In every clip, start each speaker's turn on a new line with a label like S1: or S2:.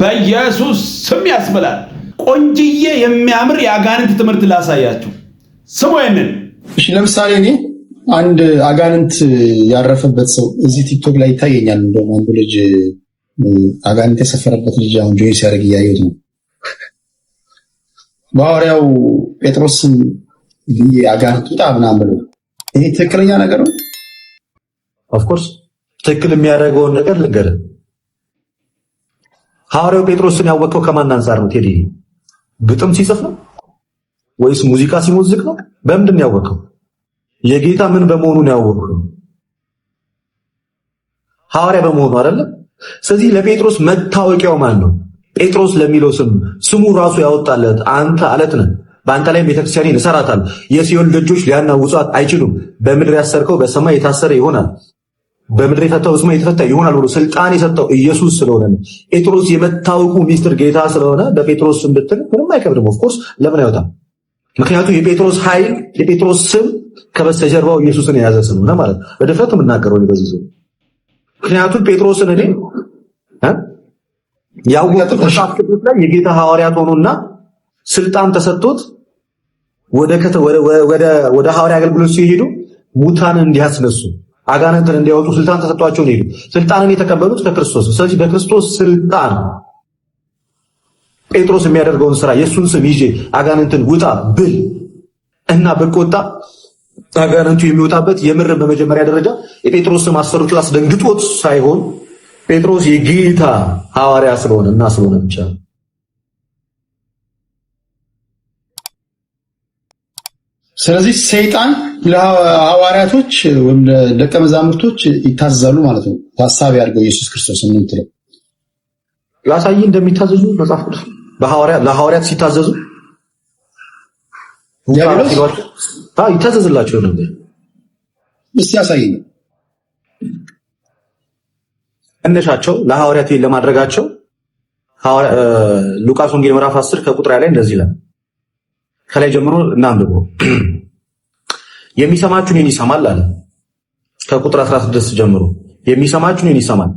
S1: በኢየሱስ ስም ያስብላል። ቆንጅዬ የሚያምር የአጋንንት ትምህርት ላሳያችሁ። ስሙ ይንን
S2: እሺ። ለምሳሌ እኔ አንድ አጋንንት ያረፈበት ሰው እዚህ ቲክቶክ ላይ ይታየኛል። እንደውም አንዱ ልጅ አጋንንት የሰፈረበት ልጅ አሁን ጆይ ሲያደርግ እያየሁት ነው። በሐዋርያው ጴጥሮስን አጋንንት ውጣ ምናምን ብሎ ይሄ ትክክለኛ ነገር ነው።
S3: ኦፍኮርስ ትክክል የሚያደርገውን ነገር ልንገርህ ሐዋርያው ጴጥሮስን ያወቀው ከማን አንጻር ነው? ቴዲ ግጥም ሲጽፍ ነው ወይስ ሙዚቃ ሲሞዝቅ ነው? በምንድን ነው ያወቀው? የጌታ ምን በመሆኑ ነው ያወቀው? ሐዋርያ በመሆኑ አይደለም። ስለዚህ ለጴጥሮስ መታወቂያው ማን ነው? ጴጥሮስ ለሚለው ስም ስሙ ራሱ ያወጣለት አንተ አለት ነህ፣ በአንተ ላይ ቤተክርስቲያኔን እሰራታለሁ፣ የሲኦል ደጆች ሊያናውጧት አይችሉም፣ በምድር ያሰርከው በሰማይ የታሰረ ይሆናል፣ በምድር የፈታው በሰማይ የተፈታ ይሆናል ብሎ ስልጣን የሰጠው ኢየሱስ ስለሆነ ነው። ጴጥሮስ የመታወቁ ሚስጥር ጌታ ስለሆነ በጴጥሮስ ስም ብትል ምንም አይከብድም። ኦፍኮርስ ለምን አይወጣም? ምክንያቱም የጴጥሮስ ኃይል የጴጥሮስ ስም ከበስተጀርባው ኢየሱስን የያዘ ስም ነው ማለት ነው። በድፍረት የምናገረው በዚህ ሰው ምክንያቱም ጴጥሮስን እኔ ያውቁት መጽሐፍ ቅዱስ ላይ የጌታ ሐዋርያት ሆኖና ስልጣን ተሰጥቶት ወደ ወደ ወደ ሐዋርያ አገልግሎት ሲሄዱ ሙታንን እንዲያስነሱ አጋንንትን እንዲያወጡ ስልጣን ተሰጥቷቸው ነው። ስልጣንን የተቀበሉት ከክርስቶስ። ስለዚህ በክርስቶስ ስልጣን ጴጥሮስ የሚያደርገውን ስራ የእሱን ስም ይዤ አጋንንትን ውጣ ብል እና በቆጣ አጋንንቱ የሚወጣበት የምርን በመጀመሪያ ደረጃ የጴጥሮስ ስም አሰሮቹ አስደንግጦት ሳይሆን ጴጥሮስ የጌታ ሐዋርያ ስለሆነ እና ስለሆነ ብቻ
S2: ስለዚህ ሰይጣን ለሐዋርያቶች ወይም ለደቀ መዛሙርቶች ይታዘዛሉ ማለት ነው። ታሳቢ አድርገው ኢየሱስ ክርስቶስ የምትለው
S3: ላሳይ እንደሚታዘዙ መጽሐፍ ቅዱስ ለሐዋርያት ሲታዘዙ ይታዘዝላቸው ነው። እስቲ ያሳይ ነው እነሻቸው ለሐዋርያት ለማድረጋቸው ሉቃስ ወንጌል ምዕራፍ 10 ከቁጥር ላይ እንደዚህ ይላል ከላይ ጀምሮ እናንብቦ የሚሰማችሁን ይሰማል አለ። ከቁጥር 16 ጀምሮ የሚሰማችሁን ይሰማል፣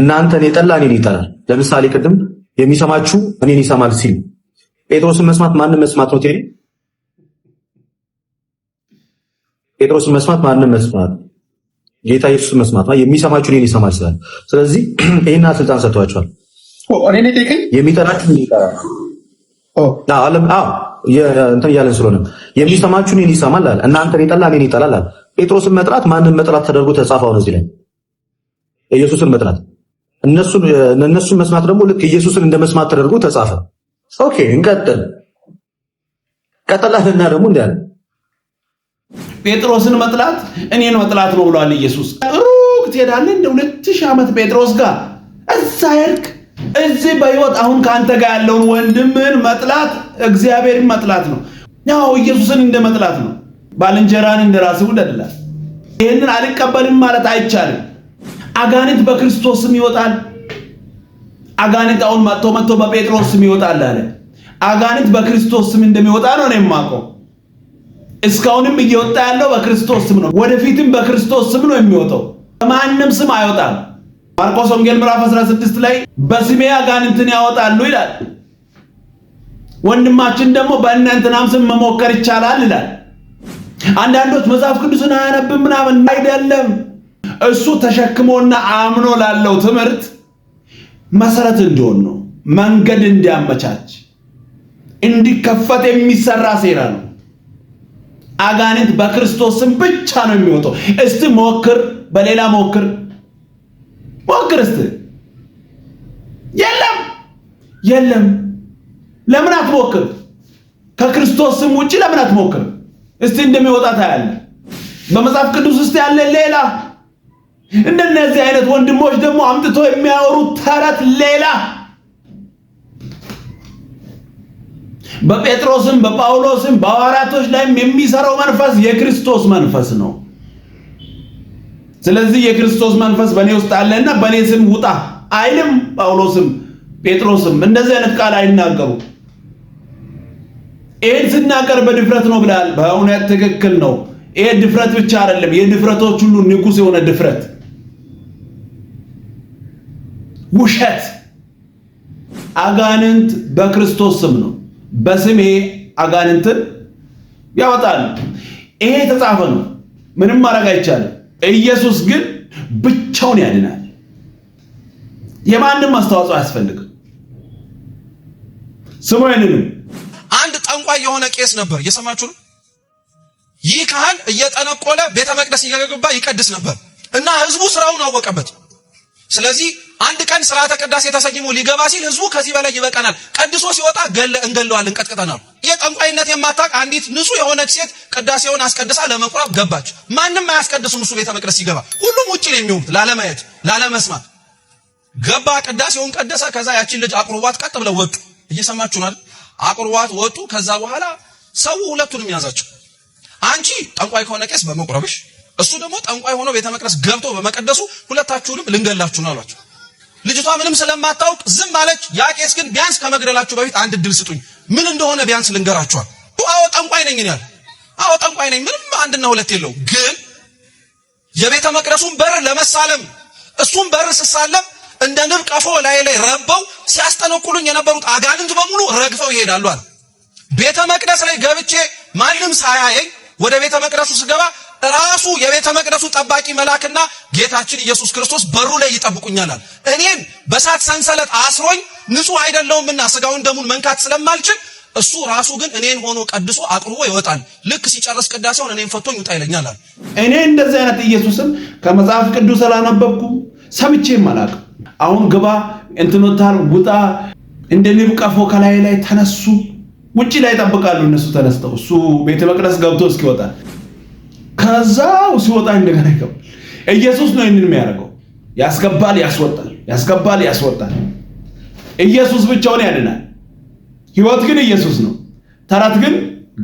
S3: እናንተ እኔ ጠላ እኔን ይጠላል። ለምሳሌ ቅድም የሚሰማችሁ እኔን ይሰማል ሲል ጴጥሮስን መስማት ማንም መስማት ነው። ቴሪ ጴጥሮስን መስማት ማንም መስማት ጌታ ኢየሱስ መስማት ነው። የሚሰማችሁ እኔን ይሰማል ስላል፣ ስለዚህ ይሄን ስልጣን ሰጥቷቸዋል። እኔ ነኝ የሚጠላችሁ ይጠላል። አዎ አለም አዎ እንትን እያለን ስለሆነ የሚሰማችሁ እኔን ይሰማል አለ። እናንተ የጠላ እኔን ይጠላል አለ። ጴጥሮስን መጥራት ማንን መጥራት ተደርጎ ተጻፈው ነው እዚህ ላይ ኢየሱስን መጥራት እነሱን እነሱን መስማት ደግሞ ልክ ኢየሱስን እንደ መስማት ተደርጎ ተጻፈ። ኦኬ እንቀጥል። ቀጠላልና ደግሞ እንዳለ ጴጥሮስን መጥላት እኔን መጥላት ነው ብሏል ኢየሱስ። ሩቅ ትሄዳለህ እንደ ሁለት ሺህ ዓመት ጴጥሮስ ጋር እዛ ሄድክ እዚህ በህይወት አሁን ከአንተ ጋር ያለውን ወንድምን መጥላት እግዚአብሔርን መጥላት ነው። ያው ኢየሱስን እንደ መጥላት ነው። ባልንጀራን እንደ ራስህ ውደድ ይህንን አልቀበልም ማለት አይቻልም። አጋንንት በክርስቶስም ይወጣል። አጋንንት አሁን መጥቶ መጥቶ በጴጥሮስም ይወጣል አለ። አጋንንት በክርስቶስም እንደሚወጣ ነው እኔ የማውቀው። እስካሁንም እየወጣ ያለው በክርስቶስ ስም ነው። ወደፊትም በክርስቶስ ስም ነው የሚወጣው። በማንም ስም አይወጣም። ማርቆስ ወንጌል ምዕራፍ 16 ላይ በስሜ አጋንንትን ያወጣሉ ይላል። ወንድማችን ደግሞ በእናንተናም ስም መሞከር ይቻላል ይላል። አንዳንዶች መጽሐፍ ቅዱስን አያነብም ምናምን አይደለም። እሱ ተሸክሞና አምኖ ላለው ትምህርት መሰረት እንዲሆን ነው፣ መንገድ እንዲያመቻች እንዲከፈት የሚሰራ ሴራ ነው። አጋንንት በክርስቶስ ስም ብቻ ነው የሚወጣው። እስቲ ሞክር፣ በሌላ ሞክር ሞክር እስቲ። የለም የለም፣ ለምን አትሞክር? ከክርስቶስ ስም ውጭ ለምን አትሞክር? እስቲ እንደሚወጣ ታያለህ። በመጽሐፍ ቅዱስ ውስጥ ያለ ሌላ፣ እንደነዚህ አይነት ወንድሞች ደግሞ አምጥቶ የሚያወሩት ተረት ሌላ። በጴጥሮስም በጳውሎስም በሐዋርያቶች ላይም የሚሰራው መንፈስ የክርስቶስ መንፈስ ነው። ስለዚህ የክርስቶስ መንፈስ በእኔ ውስጥ አለና በእኔ ስም ውጣ አይልም። ጳውሎስም ጴጥሮስም እንደዚህ አይነት ቃል አይናገሩ። ይህን ስናገር በድፍረት ነው ብላል። በእውነት ትክክል ነው። ይሄ ድፍረት ብቻ አይደለም፣ የድፍረቶች ሁሉ ንጉሥ የሆነ ድፍረት፣ ውሸት። አጋንንት በክርስቶስ ስም ነው። በስሜ አጋንንትን ያወጣል። ይሄ የተጻፈ ነው። ምንም ማድረግ አይቻልም። ኢየሱስ ግን ብቻውን ያድናል። የማንም አስተዋጽኦ አያስፈልግም። ስሙኤልንም
S1: አንድ ጠንቋይ የሆነ ቄስ ነበር። እየሰማችሁ ነው። ይህ ካህን እየጠነቆለ ቤተ መቅደስ እየገባ ይቀድስ ነበር እና ህዝቡ ስራውን አወቀበት። ስለዚህ አንድ ቀን ስርዓተ ቅዳሴ ተሰይሞ ሊገባ ሲል ህዝቡ ከዚህ በላይ ይበቃናል፣ ቀድሶ ሲወጣ ገለ እንገለዋለን፣ ቀጥቅጠናል። የጠንቋይነት የማታውቅ አንዲት ንጹህ የሆነች ሴት ቅዳሴውን አስቀድሳ ለመቁረብ ገባች። ማንም አያስቀድስም እሱ ቤተ መቅደስ ሲገባ፣ ሁሉም ውጭ ነው ላለማየት ላለመስማት። ገባ፣ ቅዳሴውን ቀደሰ። ከዛ ያችን ልጅ አቁርቧት ቀጥ ብለው ወጡ። እየሰማችሁናል? አቁርቧት ወጡ። ከዛ በኋላ ሰው ሁለቱንም ያዛቸው። አንቺ ጠንቋይ ከሆነ ቄስ በመቁረብሽ፣ እሱ ደግሞ ጠንቋይ ሆኖ ቤተ መቅደስ ገብቶ በመቀደሱ ሁለታችሁንም ልንገላችሁ ነው አሏቸው። ልጅቷ ምንም ስለማታውቅ ዝም አለች። ያ ቄስ ግን ቢያንስ ከመግደላችሁ በፊት አንድ እድል ስጡኝ፣ ምን እንደሆነ ቢያንስ ልንገራችኋል። አዎ ጠንቋይ ነኝ ያለ፣ አዎ ጠንቋይ ነኝ። ምንም አንድና ሁለት የለው። ግን የቤተ መቅደሱን በር ለመሳለም እሱም በር ስሳለም እንደ ንብ ቀፎ ላይ ላይ ረበው ሲያስጠነቁሉኝ የነበሩት አጋንንት በሙሉ ረግፈው ይሄዳሉ አለ። ቤተ መቅደስ ላይ ገብቼ ማንም ሳያየኝ ወደ ቤተ መቅደሱ ስገባ ራሱ የቤተ መቅደሱ ጠባቂ መልአክና ጌታችን ኢየሱስ ክርስቶስ በሩ ላይ ይጠብቁኛል። እኔን በሳት ሰንሰለት አስሮኝ ንጹሕ አይደለሁምና ስጋውን ደሙን መንካት ስለማልችል እሱ ራሱ ግን እኔን ሆኖ ቀድሶ አቅርቦ ይወጣል። ልክ ሲጨርስ ቅዳሴውን እኔን ፈቶኝ ውጣ ይለኛል።
S3: እኔ እንደዚህ አይነት ኢየሱስን ከመጽሐፍ ቅዱስ አላነበብኩ ሰምቼም አላቅም። አሁን ግባ እንትኖታል ውጣ፣ እንደ ንብ ቀፎ ከላይ ላይ ተነሱ፣ ውጭ ላይ ይጠብቃሉ። እነሱ ተነስተው እሱ ቤተ መቅደስ ገብቶ እስኪወጣል ከዛው ሲወጣ እንደገና ይገባል። ኢየሱስ ነው ይህንን የሚያደርገው። ያስገባል፣ ያስወጣል፣ ያስገባል፣ ያስወጣል። ኢየሱስ ብቻውን ያድናል። ህይወት ግን ኢየሱስ ነው። ተረት ግን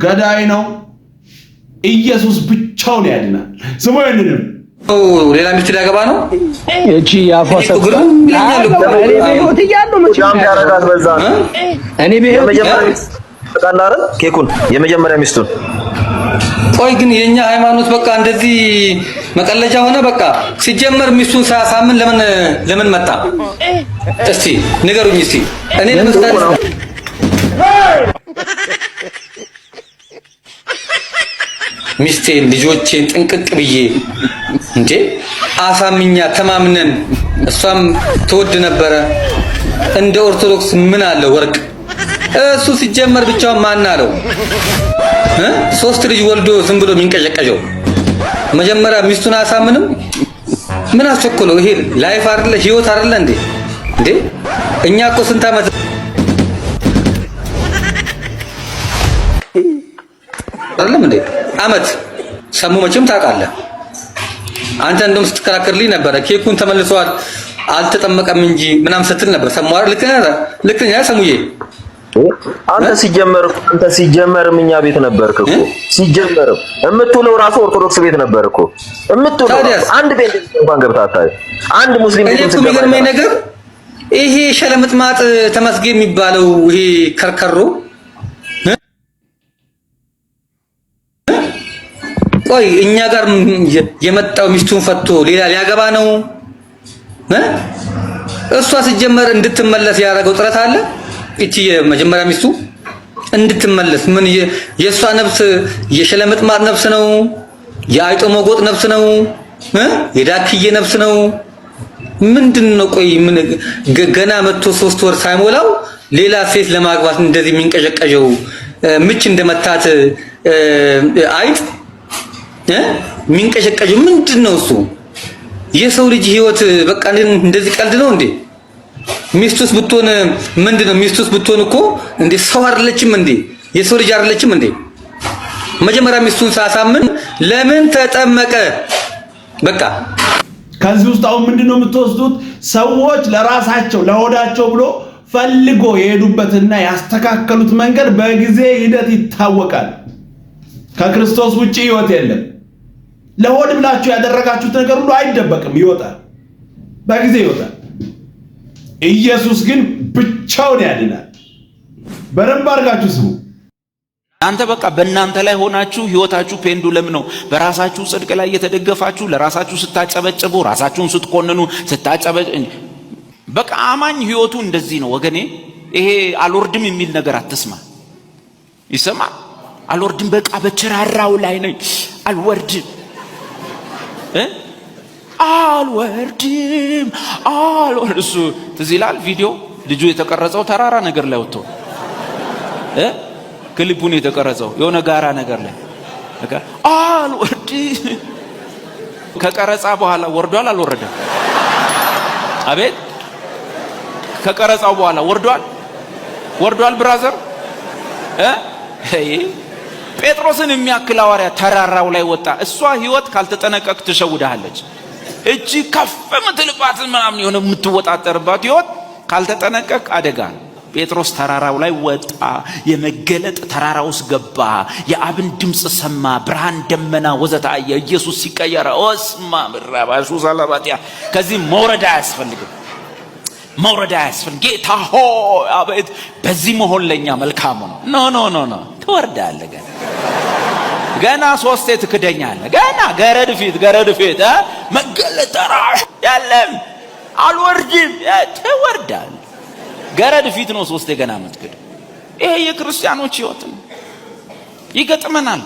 S3: ገዳይ ነው። ኢየሱስ ብቻውን ያድናል። ስሙ ይህንንም
S4: ሌላ ሚስት ሊያገባ ነው። እቺ ያፏ ሰብራ እኔ በህይወት
S5: እያለሁ አይደል
S4: ኬኩን የመጀመሪያ ሚስቱን ቆይ ግን የኛ ሃይማኖት በቃ እንደዚህ መቀለጃ ሆነ። በቃ ሲጀመር ሚስቱን ሳያሳምን ለምን ለምን መጣ? እስቲ ንገሩኝ። እስቲ እኔ ለምሳሌ ሚስቴን ልጆቼን ጥንቅቅ ብዬ እንዴ አሳምኛ ተማምነን እሷም ትወድ ነበረ። እንደ ኦርቶዶክስ ምን አለ ወርቅ እሱ ሲጀመር ብቻውን ማን አለው? ሶስት ልጅ ወልዶ ዝም ብሎ የሚንቀጨቀጨው መጀመሪያ ሚስቱን አሳምንም። ምን አስቸኮለው? ይሄ ላይፍ አይደለ ህይወት አይደለ እንዴ? እንዴ እኛ እኮ ስንት አመት አይደለም እንዴ አመት ሰሙ። መቼም ታውቃለህ አንተ እንደውም ስትከራከርልኝ ነበረ። ኬኩን ተመልሰዋል አልተጠመቀም እንጂ ምናምን ስትል ነበር። ሰሙ አይደል? ልክ ነህ ሰሙዬ
S5: አንተ ሲጀመር አንተ ሲጀመርም እኛ ቤት ነበርክ እኮ ሲጀመርም እምትውለው ራሱ ኦርቶዶክስ ቤት ነበርክ እኮ እምትውለው አንድ ቤት እንኳን ገብታ አታይም። አንድ ሙስሊም
S4: ቤት እንኳን የሚገርመኝ ነገር ይሄ ሸለምጥማጥ ተመስገን የሚባለው ይሄ ከርከሮ ቆይ እኛ ጋር የመጣው ሚስቱን ፈቶ ሌላ ሊያገባ ነው። እሷ ሲጀመር እንድትመለስ ያደረገው ጥረት አለ እቺ የመጀመሪያ ሚስቱ እንድትመለስ ምን የእሷ ነፍስ የሸለመጥማር ነፍስ ነው? የአይጦ መጎጥ ነፍስ ነው? የዳክዬ ነፍስ ነው? ምንድን ነው? ቆይ ምን ገና መቶ ሶስት ወር ሳይሞላው ሌላ ሴት ለማግባት እንደዚህ የሚንቀዠቀዠው ምች እንደመታት አይጥ የሚንቀዠቀዠው ምንድን ነው? እሱ የሰው ልጅ ህይወት በቃ እንደዚህ ቀልድ ነው እንዴ? ሚስቱስ ብትሆን ምንድነው? ሚስቱስ ብትሆን እኮ እንዴ ሰው አይደለችም እንዴ? የሰው ልጅ አይደለችም እንዴ? መጀመሪያ ሚስቱን ሳሳምን ለምን ተጠመቀ? በቃ
S3: ከዚህ ውስጥ አሁን ምንድነው የምትወስዱት? ሰዎች ለራሳቸው ለሆዳቸው ብሎ ፈልጎ የሄዱበትና ያስተካከሉት መንገድ በጊዜ ሂደት ይታወቃል። ከክርስቶስ ውጪ ህይወት የለም። ለሆድ ብላችሁ ያደረጋችሁት ነገር ሁሉ አይደበቅም፣ ይወጣል፣ በጊዜ ይወጣል። ኢየሱስ ግን ብቻውን ያድናል። በደንብ አድርጋችሁ ስሙ።
S4: እናንተ በቃ በእናንተ ላይ ሆናችሁ ህይወታችሁ ፔንዱለም ነው። በራሳችሁ ጽድቅ ላይ እየተደገፋችሁ ለራሳችሁ ስታጨበጭቡ፣ ራሳችሁን ስትኮንኑ ስታጨበጭ በቃ አማኝ ህይወቱ እንደዚህ ነው ወገኔ። ይሄ አልወርድም የሚል ነገር አትስማ። ይሰማ አልወርድም በቃ በችራራው ላይ ነኝ አልወርድም አልወርድም አልወርድ እሱ ትዝ ይላል ቪዲዮ ልጁ የተቀረጸው ተራራ ነገር ላይ ወጥቶ ክሊፑን የተቀረጸው የሆነ ጋራ ነገር ላይ አልወርድም ከቀረጻ በኋላ ወርዷል አልወረደም አቤት ከቀረጻው በኋላ ወርዷል ወርዷል ብራዘር ጴጥሮስን የሚያክል አዋርያ ተራራው ላይ ወጣ እሷ ህይወት ካልተጠነቀቅ ትሸውዳሃለች እጅ ከፍ ምትልባትን ምናምን የሆነ የምትወጣጠርባት ህይወት ካልተጠነቀቅ አደጋ ነው። ጴጥሮስ ተራራው ላይ ወጣ። የመገለጥ ተራራ ውስጥ ገባ። የአብን ድምፅ ሰማ። ብርሃን፣ ደመና ወዘተ አየ። ኢየሱስ ሲቀየረ ኦስማ ምራባሱ ሳላባጢያ ከዚህ መውረድ አያስፈልግም። መውረድ አያስፈልግም። ጌታ ሆ አቤት፣ በዚህ መሆን ለእኛ መልካሙ ነው። ኖ ኖ ኖ ኖ ትወርዳለህ ገና ገና ሶስቴ ትክደኛለህ። ገና ገረድ ፊት ገረድ ፊት መገለጥ የለም አልወርድም ትወርዳል። ገረድ ፊት ነው ሶስቴ ገና ምትክድ። ይሄ የክርስቲያኖች ህይወት ነው፣ ይገጥመናል።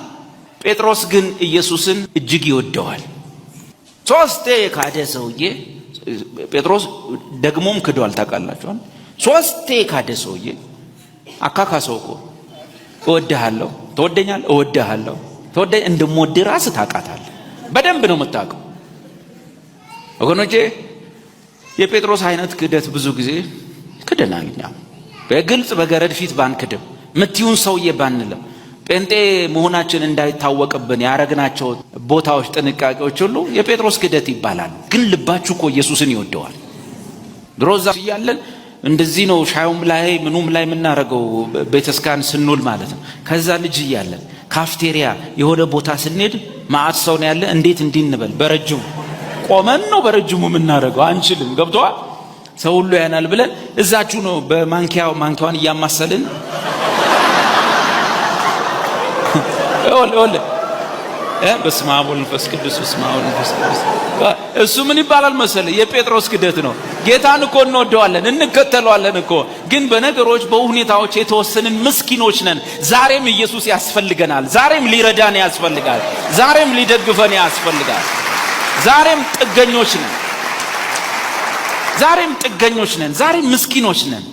S4: ጴጥሮስ ግን ኢየሱስን እጅግ ይወደዋል። ሶስቴ የካደ ሰውዬ ጴጥሮስ ደግሞም ክዷል። ታውቃላችኋል። ሶስቴ የካደ ሰውዬ አካካ ሰው እኮ እወድሃለሁ፣ ትወደኛለህ፣ እወድሃለሁ ተወዳጅ እንደምወድ ራስ ታውቃታል በደንብ ነው የምታውቀው። ወገኖቼ የጴጥሮስ አይነት ክህደት ብዙ ጊዜ ክደናል። እኛ በግልጽ በገረድ ፊት ባንክድም ምትዩን ሰውዬ ባንለም ጴንጤ መሆናችን እንዳይታወቅብን ያረግናቸው ቦታዎች፣ ጥንቃቄዎች ሁሉ የጴጥሮስ ክህደት ይባላል። ግን ልባችሁ እኮ ኢየሱስን ይወደዋል። ድሮ እዛ እያለን እንደዚህ ነው ሻዩም ላይ ምኑም ላይ የምናደርገው ቤተስካን ስንውል ማለት ነው። ከዛ ልጅ እያለን ካፍቴሪያ የሆነ ቦታ ስንሄድ ማአት ሰው ነው ያለ። እንዴት እንዲንበል በረጅሙ ቆመን ነው በረጅሙ የምናደርገው፣ አንችልም። ገብተዋል። ሰው ሁሉ ያናል ብለን እዛችሁ ነው በማንኪያ ማንኪያዋን እያማሰልን በስመ አብ ቅዱስ በስመ አብ ቅዱስ። እሱ ምን ይባላል መሰለ የጴጥሮስ ክደት ነው። ጌታን እኮ እንወደዋለን እንከተለዋለን እኮ ግን በነገሮች በሁኔታዎች የተወሰንን ምስኪኖች ነን። ዛሬም ኢየሱስ ያስፈልገናል። ዛሬም ሊረዳን ያስፈልጋል። ዛሬም ሊደግፈን ያስፈልጋል። ዛሬም ጥገኞች ነን። ዛሬም ጥገኞች ነን። ዛሬም ምስኪኖች ነን።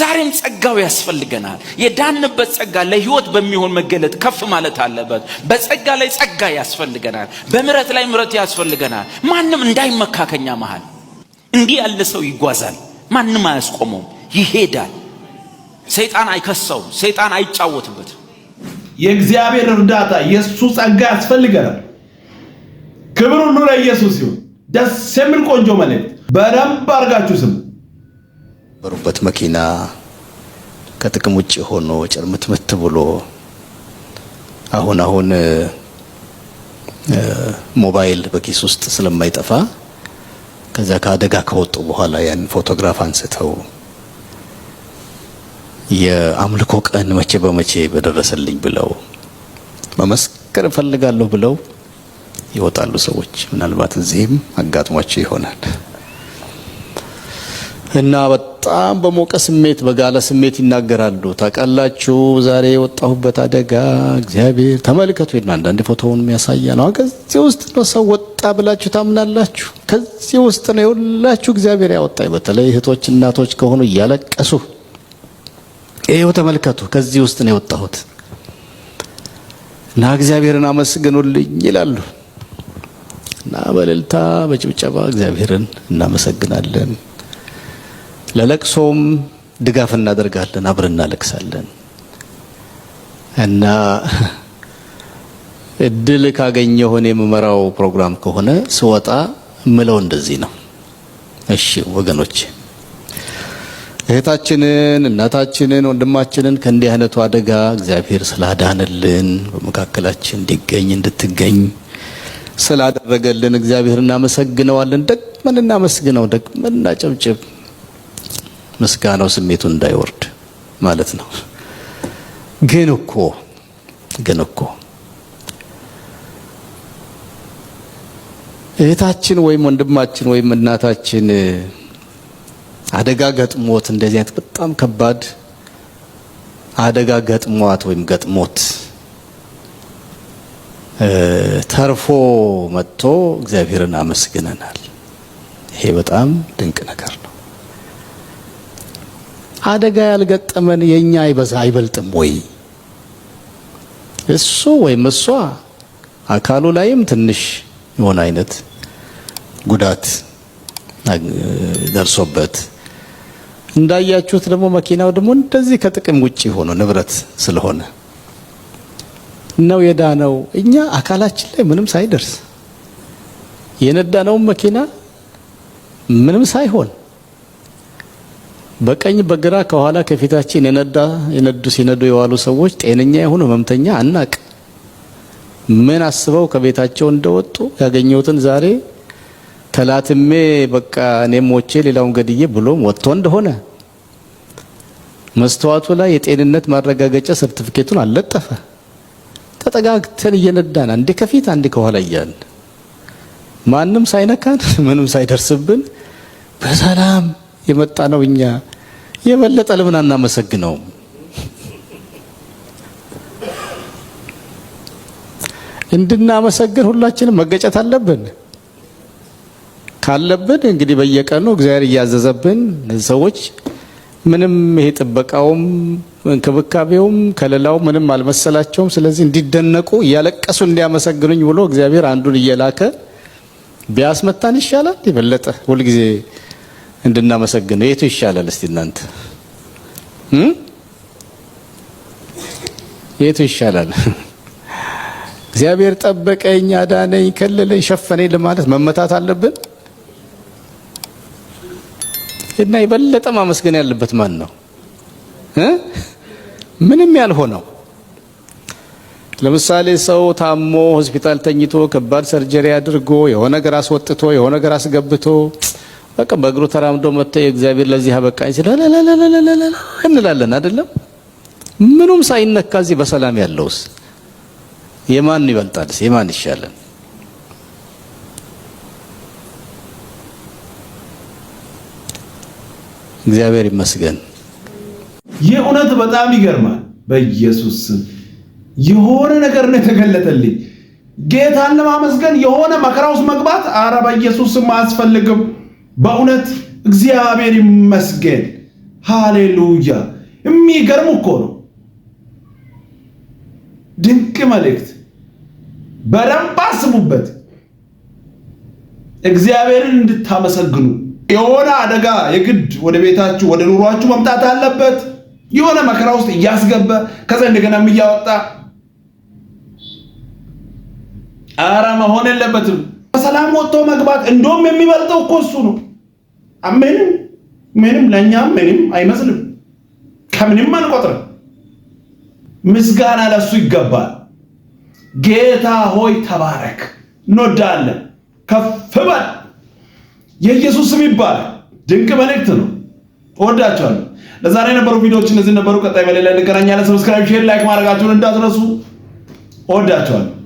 S4: ዛሬም ጸጋው ያስፈልገናል። የዳንበት ጸጋ ለህይወት በሚሆን መገለጥ ከፍ ማለት አለበት። በጸጋ ላይ ጸጋ ያስፈልገናል። በምረት ላይ ምረት ያስፈልገናል። ማንም እንዳይመካ ከኛ መሃል እንዲህ ያለ ሰው ይጓዛል። ማንም አያስቆመውም፣ ይሄዳል። ሰይጣን አይከሳውም፣ ሰይጣን አይጫወትበትም።
S3: የእግዚአብሔር እርዳታ የእሱ ጸጋ ያስፈልገናል። ክብር ሁሉ ለኢየሱስ ይሁን። ደስ የሚል ቆንጆ መልእክት በደንብ አድርጋችሁ ስሙ።
S6: በሩበት መኪና ከጥቅም ውጭ ሆኖ ጭርምትምት ብሎ አሁን አሁን ሞባይል በኪስ ውስጥ ስለማይጠፋ ከዛ ከአደጋ ከወጡ በኋላ ያን ፎቶግራፍ አንስተው የአምልኮ ቀን መቼ በመቼ በደረሰልኝ ብለው መመስከር እፈልጋለሁ ብለው ይወጣሉ ሰዎች። ምናልባት እዚህም አጋጥሟቸው ይሆናል እና በጣም በሞቀ ስሜት በጋለ ስሜት ይናገራሉ። ታውቃላችሁ ዛሬ የወጣሁበት አደጋ እግዚአብሔር ተመልከቱ አንዳንድ ፎቶውን የሚያሳያ ነው። ከዚህ ውስጥ ነው ሰው ወጣ ብላችሁ ታምናላችሁ? ከዚህ ውስጥ ነው የሁላችሁ እግዚአብሔር ያወጣ። በተለይ እህቶች እናቶች ከሆኑ እያለቀሱ ይኸው ተመልከቱ፣ ከዚህ ውስጥ ነው የወጣሁት እና እግዚአብሔርን አመስግኑልኝ ይላሉ። እና በእልልታ በጭብጨባ እግዚአብሔርን እናመሰግናለን። ለለቅሶም ድጋፍ እናደርጋለን፣ አብረን እናለቅሳለን እና እድል ካገኘሁ እኔ የምመራው ፕሮግራም ከሆነ ስወጣ ምለው እንደዚህ ነው። እሺ ወገኖች፣ እህታችንን፣ እናታችንን፣ ወንድማችንን ከእንዲህ አይነቱ አደጋ እግዚአብሔር ስላዳንልን በመካከላችን እንዲገኝ እንድትገኝ ስላደረገልን እግዚአብሔር እናመሰግነዋለን። ደግመን እናመስግነው፣ ደግመን እናጨብጭብ። ምስጋናው ስሜቱ እንዳይወርድ ማለት ነው። ግን እኮ ግን እኮ እህታችን ወይም ወንድማችን ወይም እናታችን አደጋ ገጥሞት እንደዚህ አይነት በጣም ከባድ አደጋ ገጥሟት ወይም ገጥሞት ተርፎ መጥቶ እግዚአብሔርን አመስግነናል። ይሄ በጣም ድንቅ ነገር ነው። አደጋ ያልገጠመን የእኛ ይበዛ አይበልጥም ወይ? እሱ ወይም እሷ አካሉ ላይም ትንሽ የሆነ አይነት ጉዳት ደርሶበት እንዳያችሁት ደግሞ መኪናው ደግሞ እንደዚህ ከጥቅም ውጪ ሆኖ ንብረት ስለሆነ ነው የዳነው። እኛ አካላችን ላይ ምንም ሳይደርስ የነዳነውን መኪና ምንም ሳይሆን በቀኝ በግራ ከኋላ ከፊታችን የነዳ የነዱ ሲነዱ የዋሉ ሰዎች ጤነኛ የሆኑ ህመምተኛ አናቅ። ምን አስበው ከቤታቸው እንደወጡ ያገኘሁትን ዛሬ ተላትሜ በቃ እኔም ሞቼ ሌላውን ገድዬ ብሎም ወጥቶ እንደሆነ መስተዋቱ ላይ የጤንነት ማረጋገጫ ሰርቲፊኬቱን አልለጠፈ። ተጠጋግተን እየነዳን አንዴ ከፊት አንዴ ከኋላ እያል ማንም ሳይነካን ምንም ሳይደርስብን በሰላም የመጣ ነው። እኛ የበለጠ ለምን አናመሰግነውም? እንድናመሰግን ሁላችንም መገጨት አለብን። ካለብን እንግዲህ በየቀኑ እግዚአብሔር እያዘዘብን ሰዎች ምንም ይሄ ጥበቃውም እንክብካቤውም ከሌላው ምንም አልመሰላቸውም። ስለዚህ እንዲደነቁ እያለቀሱ እንዲያመሰግኑኝ ብሎ እግዚአብሔር አንዱን እየላከ ቢያስመታን ይሻላል የበለጠ ሁልጊዜ እንድናመሰግነው የቱ ይሻላል? እስቲ እናንተ የቱ ይሻላል? እግዚአብሔር ጠበቀኝ፣ አዳነኝ፣ ከለለኝ፣ ሸፈነኝ ለማለት መመታት አለብን እና የበለጠ ማመስገን ያለበት ማን ነው? ምንም ያልሆነው ለምሳሌ ሰው ታሞ ሆስፒታል ተኝቶ ከባድ ሰርጀሪ አድርጎ የሆነ ነገር አስወጥቶ የሆነ ነገር አስገብቶ በቃ በእግሩ ተራምዶ መጥቶ የእግዚአብሔር ለዚህ አበቃኝ ሲል እንላለን አይደለም። ምኑም ሳይነካ እዚህ በሰላም ያለውስ የማን ይበልጣልስ? የማን ይሻለን? እግዚአብሔር ይመስገን።
S3: ይህ እውነት በጣም ይገርማል። በኢየሱስ የሆነ ነገር ነው የተገለጠልኝ። ጌታን ለማመስገን የሆነ መከራ ውስጥ መግባት፣ አረ በኢየሱስም አያስፈልግም። በእውነት እግዚአብሔር ይመስገን። ሃሌሉያ! የሚገርም እኮ ነው። ድንቅ መልእክት። በደንብ አስቡበት። እግዚአብሔርን እንድታመሰግኑ የሆነ አደጋ የግድ ወደ ቤታችሁ ወደ ኑሯችሁ መምጣት አለበት። የሆነ መከራ ውስጥ እያስገባ ከዛ እንደገና እያወጣ አረ መሆን የለበትም። በሰላም ወጥቶ መግባት እንደውም የሚበልጠው እኮ እሱ ነው። ምንም ምንም ለእኛም ምንም አይመስልም። ከምንም አንቆጥርም። ምስጋና ለሱ ይገባል። ጌታ ሆይ ተባረክ፣ እንወዳለን። ከፍ በል የኢየሱስ ስም ይባል። ድንቅ መልእክት ነው። እወዳቸዋለሁ። ለዛሬ የነበሩ ቪዲዮዎች እነዚህ ነበሩ። ቀጣይ በሌላ እንገናኛለን። ሰብስክራይብ፣ ሼር፣ ላይክ ማድረጋችሁን እንዳትረሱ። እወዳቸዋለሁ።